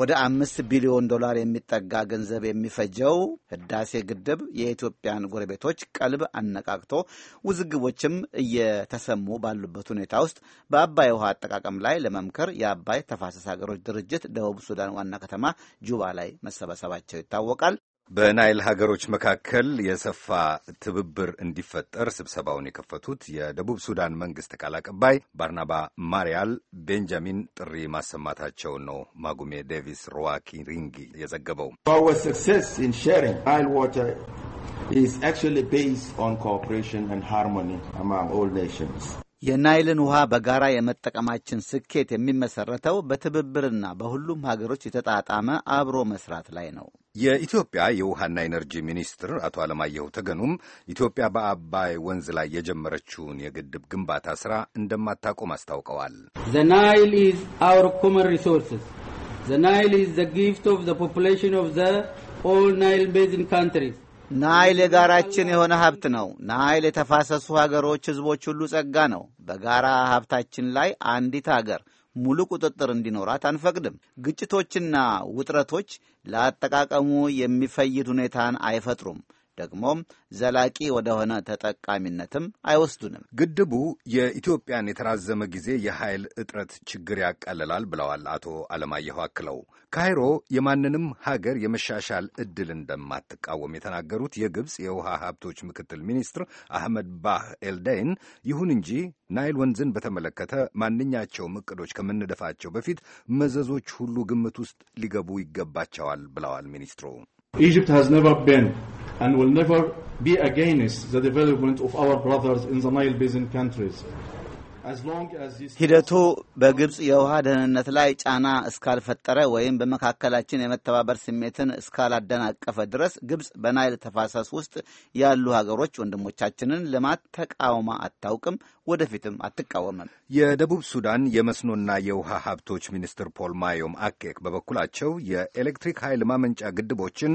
ወደ አምስት ቢሊዮን ዶላር የሚጠጋ ገንዘብ የሚፈጀው ህዳሴ ግድብ የኢትዮጵያን ጎረቤቶች ቀልብ አነቃቅቶ ውዝግቦችም እየተሰሙ ባሉበት ሁኔታ ውስጥ በአባይ ውሃ አጠቃቀም ላይ ለመምከር የአባይ ተፋሰስ ሀገሮች ድርጅት ደቡብ ሱዳን ዋና ከተማ ጁባ ላይ መሰባሰባቸው ይታወቃል። በናይል ሀገሮች መካከል የሰፋ ትብብር እንዲፈጠር ስብሰባውን የከፈቱት የደቡብ ሱዳን መንግስት ቃል አቀባይ ባርናባ ማሪያል ቤንጃሚን ጥሪ ማሰማታቸው ነው። ማጉሜ ዴቪስ ሮዋኪ ሪንጊ የዘገበው is የናይልን ውሃ በጋራ የመጠቀማችን ስኬት የሚመሰረተው በትብብርና በሁሉም ሀገሮች የተጣጣመ አብሮ መስራት ላይ ነው። የኢትዮጵያ የውሃና ኤነርጂ ሚኒስትር አቶ አለማየሁ ተገኑም ኢትዮጵያ በአባይ ወንዝ ላይ የጀመረችውን የግድብ ግንባታ ስራ እንደማታቆም አስታውቀዋል። ዘ ናይል ኢዝ አወር ኮመን ሪሶርስስ ዘ ናይል ኢዝ ዘ ጊፍት ኦፍ ዘ ፖፑሌሽን ኦፍ ዘ ኦል ናይል ቤዝን ካንትሪስ ናይል የጋራችን የሆነ ሀብት ነው። ናይል የተፋሰሱ ሀገሮች ህዝቦች ሁሉ ጸጋ ነው። በጋራ ሀብታችን ላይ አንዲት አገር ሙሉ ቁጥጥር እንዲኖራት አንፈቅድም። ግጭቶችና ውጥረቶች ለአጠቃቀሙ የሚፈይድ ሁኔታን አይፈጥሩም። ደግሞም ዘላቂ ወደሆነ ተጠቃሚነትም አይወስዱንም። ግድቡ የኢትዮጵያን የተራዘመ ጊዜ የኃይል እጥረት ችግር ያቀልላል ብለዋል አቶ አለማየሁ አክለው። ካይሮ የማንንም ሀገር የመሻሻል እድል እንደማትቃወም የተናገሩት የግብፅ የውሃ ሀብቶች ምክትል ሚኒስትር አህመድ ባህ ኤልደይን፣ ይሁን እንጂ ናይል ወንዝን በተመለከተ ማንኛቸውም እቅዶች ከምንደፋቸው በፊት መዘዞች ሁሉ ግምት ውስጥ ሊገቡ ይገባቸዋል ብለዋል ሚኒስትሩ። and will never be against the development of our brothers in the Nile Basin countries. ሂደቱ በግብፅ የውሃ ደህንነት ላይ ጫና እስካልፈጠረ ወይም በመካከላችን የመተባበር ስሜትን እስካላደናቀፈ ድረስ ግብፅ በናይል ተፋሰስ ውስጥ ያሉ ሀገሮች ወንድሞቻችንን ልማት ተቃውማ አታውቅም ወደፊትም አትቃወምም። የደቡብ ሱዳን የመስኖና የውሃ ሀብቶች ሚኒስትር ፖል ማዮም አኬክ በበኩላቸው የኤሌክትሪክ ኃይል ማመንጫ ግድቦችን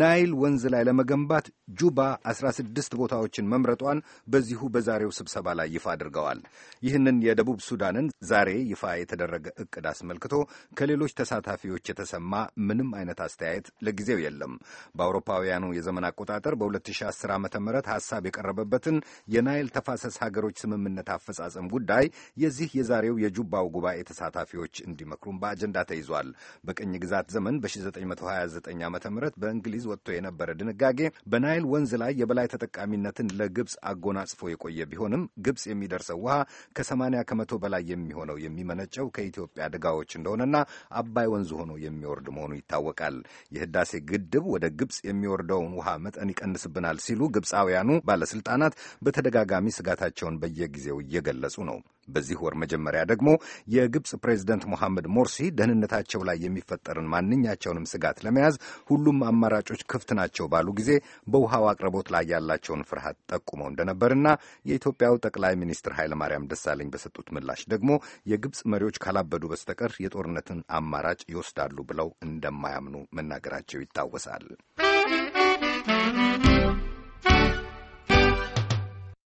ናይል ወንዝ ላይ ለመገንባት ጁባ 16 ቦታዎችን መምረጧን በዚሁ በዛሬው ስብሰባ ላይ ይፋ አድርገዋል። ይህንን የደቡብ ሱዳንን ዛሬ ይፋ የተደረገ እቅድ አስመልክቶ ከሌሎች ተሳታፊዎች የተሰማ ምንም አይነት አስተያየት ለጊዜው የለም። በአውሮፓውያኑ የዘመን አቆጣጠር በ2010 ዓ ም ሐሳብ የቀረበበትን የናይል ተፋሰስ ሀገሮች ስምምነት የደህንነት አፈጻጸም ጉዳይ የዚህ የዛሬው የጁባው ጉባኤ ተሳታፊዎች እንዲመክሩም በአጀንዳ ተይዟል። በቅኝ ግዛት ዘመን በ1929 ዓ ም በእንግሊዝ ወጥቶ የነበረ ድንጋጌ በናይል ወንዝ ላይ የበላይ ተጠቃሚነትን ለግብፅ አጎናጽፎ የቆየ ቢሆንም ግብፅ የሚደርሰው ውሃ ከ80 ከመቶ በላይ የሚሆነው የሚመነጨው ከኢትዮጵያ ደጋዎች እንደሆነና አባይ ወንዝ ሆኖ የሚወርድ መሆኑ ይታወቃል። የህዳሴ ግድብ ወደ ግብፅ የሚወርደውን ውሃ መጠን ይቀንስብናል ሲሉ ግብፃውያኑ ባለስልጣናት በተደጋጋሚ ስጋታቸውን በየጊዜ በየጊዜው እየገለጹ ነው። በዚህ ወር መጀመሪያ ደግሞ የግብፅ ፕሬዚደንት ሞሐመድ ሞርሲ ደህንነታቸው ላይ የሚፈጠርን ማንኛቸውንም ስጋት ለመያዝ ሁሉም አማራጮች ክፍት ናቸው ባሉ ጊዜ በውሃው አቅርቦት ላይ ያላቸውን ፍርሃት ጠቁመው እንደነበርና የኢትዮጵያው ጠቅላይ ሚኒስትር ኃይለማርያም ደሳለኝ በሰጡት ምላሽ ደግሞ የግብፅ መሪዎች ካላበዱ በስተቀር የጦርነትን አማራጭ ይወስዳሉ ብለው እንደማያምኑ መናገራቸው ይታወሳል።